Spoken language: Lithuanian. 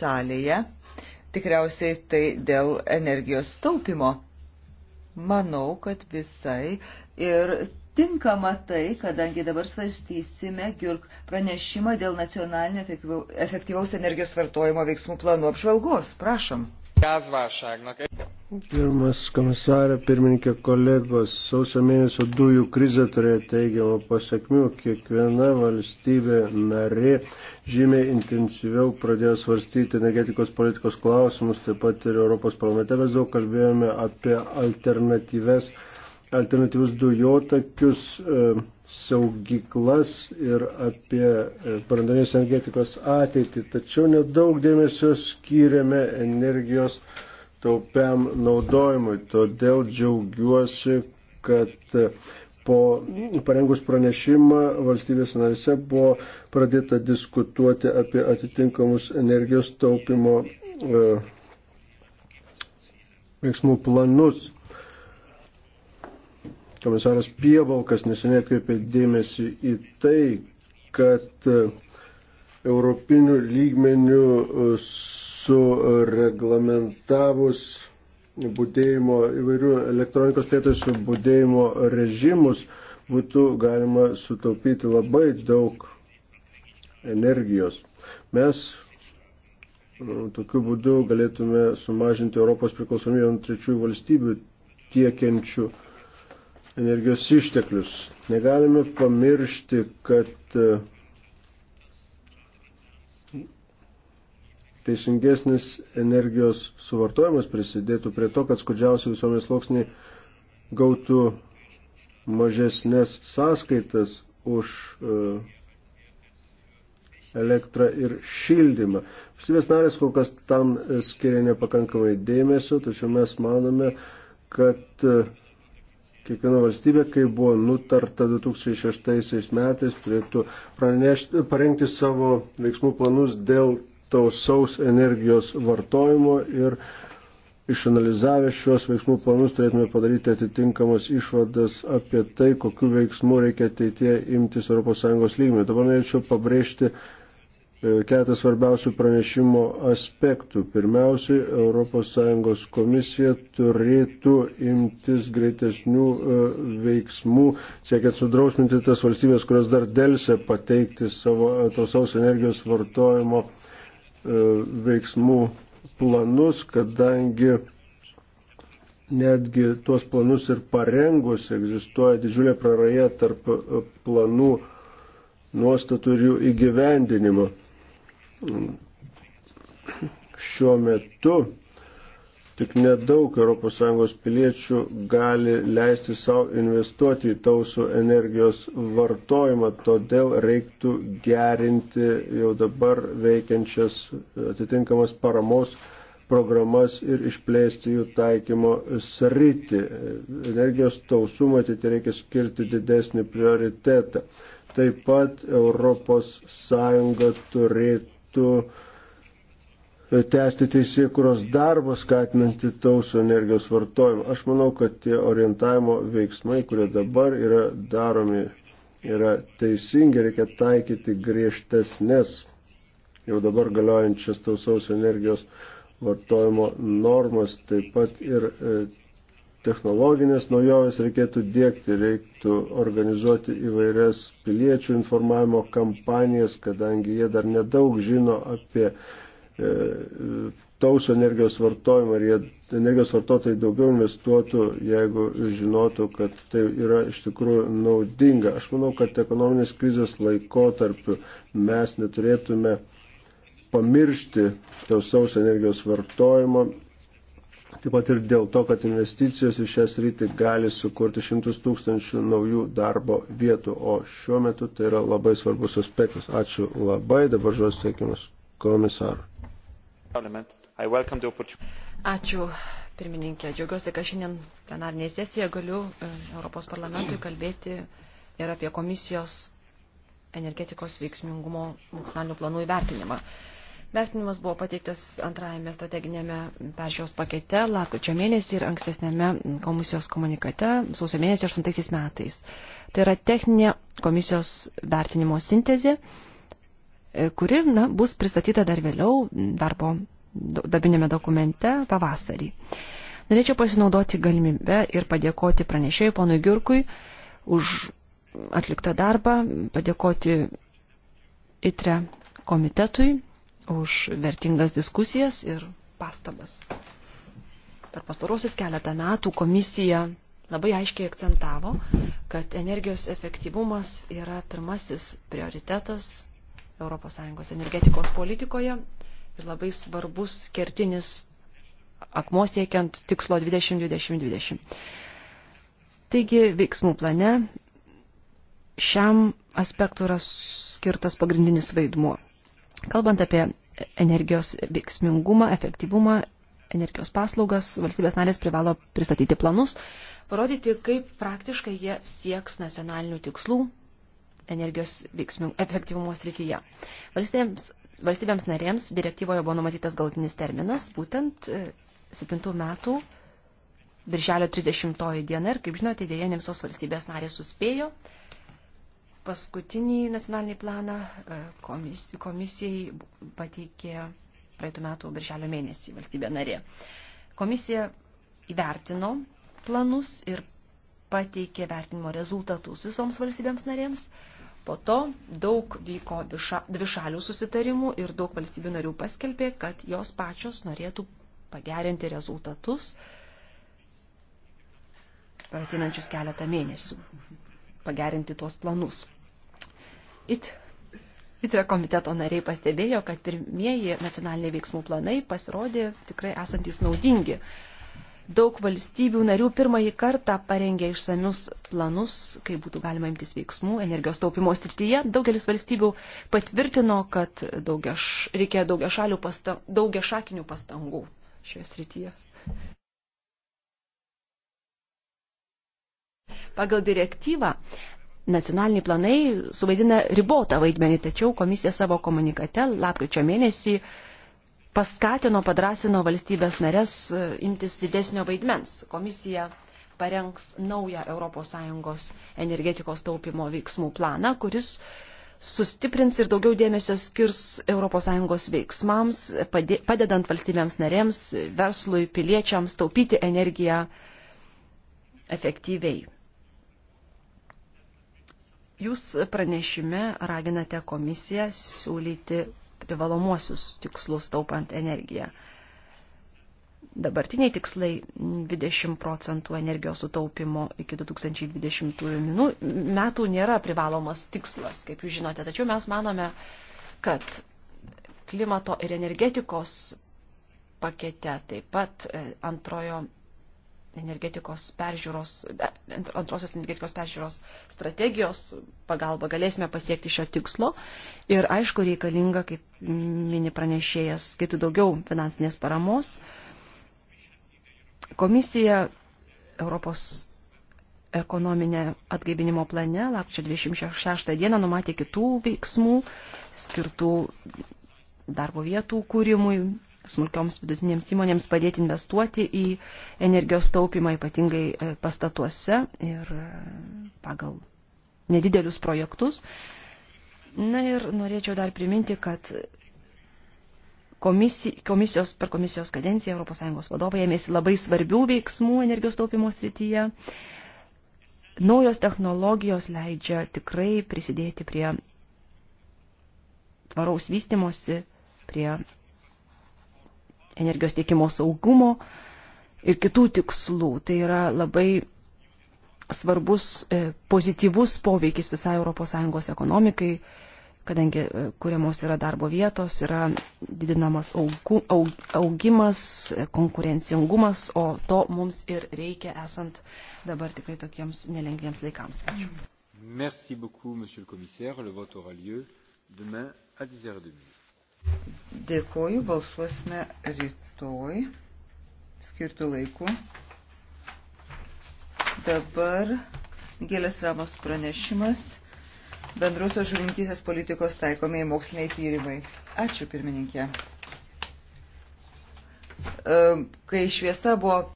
salėje, tikriausiai tai dėl energijos taupimo. Manau, kad visai ir tinkama tai, kadangi dabar svarstysime Gürk pranešimą dėl nacionalinio efektyvaus energijos vartojimo veiksmų planų apžvalgos. Prašom. Pirmas komisarė, pirmininkė kolegos, sausio mėnesio dujų krizė turėjo teigiamą pasiekmių. Kiekviena valstybė narė žymiai intensyviau pradėjo svarstyti energetikos politikos klausimus, taip pat ir Europos parlamente mes daug kalbėjome apie alternatyves, alternatyvus dujotakius, e, saugyklas ir apie e, brandanės energetikos ateitį. Tačiau nedaug dėmesio skiriame energijos politikos taupiam naudojimui. Todėl džiaugiuosi, kad e, po parengus pranešimą valstybės narise buvo pradėta diskutuoti apie atitinkamus energijos taupimo e, veiksmų planus. Komisaras Pievalkas neseniai atkreipė dėmesį į tai, kad e, europinių lygmenių sureglamentavus būdėjimo įvairių elektronikos prietaisų būdėjimo režimus būtų galima sutaupyti labai daug energijos. Mes nu, tokiu būdu galėtume sumažinti Europos priklausomybę nuo trečiųjų valstybių tiekiančių energijos išteklius. Negalime pamiršti, kad teisingesnis energijos suvartojimas prisidėtų prie to, kad skurdžiausi visuomenės sluoksniai gautų mažesnės sąskaitas už e, elektrą ir šildymą. Valstybės narės kol kas tam skiria nepakankamai dėmesio, tačiau mes manome, kad e, kiekviena valstybė, kai buvo nutarta 2006 metais, turėtų pranešti, parengti savo veiksmų planus dėl tausaus energijos vartojimo ir išanalizavę šios veiksmų planus turėtume padaryti atitinkamas išvadas apie tai, kokiu veiksmu reikia ateitie imtis ES lygmenį. Dabar norėčiau pabrėžti e, keletą svarbiausių pranešimo aspektų. Pirmiausiai, ES komisija turėtų imtis greitesnių e, veiksmų, siekiant sudrausminti tas valstybės, kurios dar dėlse pateikti savo e, tausaus energijos vartojimo E, veiksmų planus, kadangi netgi tuos planus ir parengus egzistuoja didžiulė praraja tarp e, planų nuostatų ir jų įgyvendinimo. Šiuo metu Tik nedaug ES piliečių gali leisti savo investuoti į tausų energijos vartojimą, todėl reiktų gerinti jau dabar veikiančias atitinkamas paramos programas ir išplėsti jų taikymo sritį. Energijos tausumą tai reikia skirti didesnį prioritetą. Taip pat ES turėtų tęsti teisėkuros darbą skatinantį tausų energijos vartojimą. Aš manau, kad tie orientavimo veiksmai, kurie dabar yra daromi, yra teisingi, reikia taikyti griežtesnės jau dabar galiojančias tausaus energijos vartojimo normas, taip pat ir e, technologinės naujovės reikėtų dėkti, reiktų organizuoti įvairias piliečių informavimo kampanijas, kadangi jie dar nedaug žino apie E, tauso energijos vartojimą ir jie energijos vartotojai daugiau investuotų, jeigu žinotų, kad tai yra iš tikrųjų naudinga. Aš manau, kad ekonominės krizės laikotarpiu mes neturėtume pamiršti tausaus energijos vartojimo. Taip pat ir dėl to, kad investicijos į šią sritį gali sukurti šimtus tūkstančių naujų darbo vietų, o šiuo metu tai yra labai svarbus aspektas. Ačiū labai, dabar žodžiu sveikimas komisarui. Ačiū, pirmininkė. Džiaugiuosi, kad šiandien plenarnėje sesijoje galiu e, Europos parlamentui kalbėti ir apie komisijos energetikos veiksmingumo nacionalinių planų įvertinimą. Vertinimas buvo pateiktas antrajame strateginėme peržiūros pakete, lapkričio mėnesį ir ankstesnėme komisijos komunikate sausio mėnesį 8 metais. Tai yra techninė komisijos vertinimo sintezė E, kuri na, bus pristatyta dar vėliau darbo darbinėme dokumente pavasarį. Norėčiau pasinaudoti galimybę ir padėkoti pranešėjui ponui Girkui už atliktą darbą, padėkoti ITRE komitetui už vertingas diskusijas ir pastabas. Per pastarosius keletą metų komisija labai aiškiai akcentavo, kad energijos efektyvumas yra pirmasis prioritetas ES energetikos politikoje ir labai svarbus kertinis akmuo siekiant tikslo 2020-2020. Taigi veiksmų plane šiam aspektui yra skirtas pagrindinis vaidmuo. Kalbant apie energijos veiksmingumą, efektyvumą, energijos paslaugas, valstybės narės privalo pristatyti planus, parodyti, kaip praktiškai jie sieks nacionalinių tikslų, energijos veiksmių efektyvumo srityje. Valstybėms, valstybėms narėms direktyvoje buvo numatytas galutinis terminas, būtent 7 e, metų birželio 30 diena ir, kaip žinote, dėja ne visos valstybės narės suspėjo. Paskutinį nacionalinį planą e, komis, komisijai pateikė praeitų metų birželio mėnesį valstybė narė. Komisija įvertino planus ir pateikė vertinimo rezultatus visoms valstybėms narėms Po to daug vyko dvišalių susitarimų ir daug valstybių narių paskelbė, kad jos pačios norėtų pagerinti rezultatus per ateinančius keletą mėnesių, pagerinti tuos planus. It ITRE komiteto nariai pastebėjo, kad pirmieji nacionaliniai veiksmų planai pasirodė tikrai esantys naudingi daug valstybių narių pirmąjį kartą parengė išsamius planus, kaip būtų galima imtis veiksmų energijos taupimo srityje. Daugelis valstybių patvirtino, kad daugiaš, reikėjo daugia, pasta, daugia šakinių pastangų šioje srityje. Pagal direktyvą nacionaliniai planai suvaidina ribotą vaidmenį, tačiau komisija savo komunikate lapkričio mėnesį uh, paskatino, padrasino valstybės narės e, imtis didesnio vaidmens. Komisija parengs naują ES energetikos taupimo veiksmų planą, kuris sustiprins ir daugiau dėmesio skirs ES veiksmams, padedant valstybėms narėms, verslui, piliečiams taupyti energiją efektyviai. Jūs pranešime raginate komisiją siūlyti privalomuosius tikslus taupant energiją. Dabartiniai tikslai 20 procentų energijos sutaupimo iki 2020 metų nėra privalomas tikslas, kaip jūs žinote. Tačiau mes manome, kad klimato ir energetikos pakete taip pat e, antrojo energetikos peržiūros, antrosios energetikos peržiūros strategijos pagalba galėsime pasiekti šio tikslo. Ir aišku, reikalinga, kaip mini pranešėjas, skirti daugiau finansinės paramos. Komisija Europos ekonominė atgaivinimo plane lapčio 26 dieną numatė kitų veiksmų skirtų darbo vietų kūrimui, smulkioms vidutinėms įmonėms padėti investuoti į energijos taupimą, ypatingai e, pastatuose ir e, pagal nedidelius projektus. Na ir norėčiau dar priminti, kad komisijos, per komisijos kadenciją ES vadovai ėmėsi labai svarbių veiksmų energijos taupimo srityje. Naujos technologijos leidžia tikrai prisidėti prie tvaraus vystimosi, prie energijos tiekimo saugumo ir kitų tikslų. Tai yra labai svarbus e, pozityvus poveikis visai ES ekonomikai, kadangi e, kuriamos yra darbo vietos, yra didinamas augu, aug, augimas, e, konkurencingumas, o to mums ir reikia esant dabar tikrai tokiems nelengviems laikams. Ačiū. Merci beaucoup, monsieur le commissaire. Le vote aura lieu demain à 10h30. Dėkoju, balsuosime rytoj skirtų laikų. Dabar Gėlės Ramos pranešimas bendrusios žuvininkystės politikos taikomieji moksliniai tyrimai. Ačiū pirmininkė. Kai šviesa buvo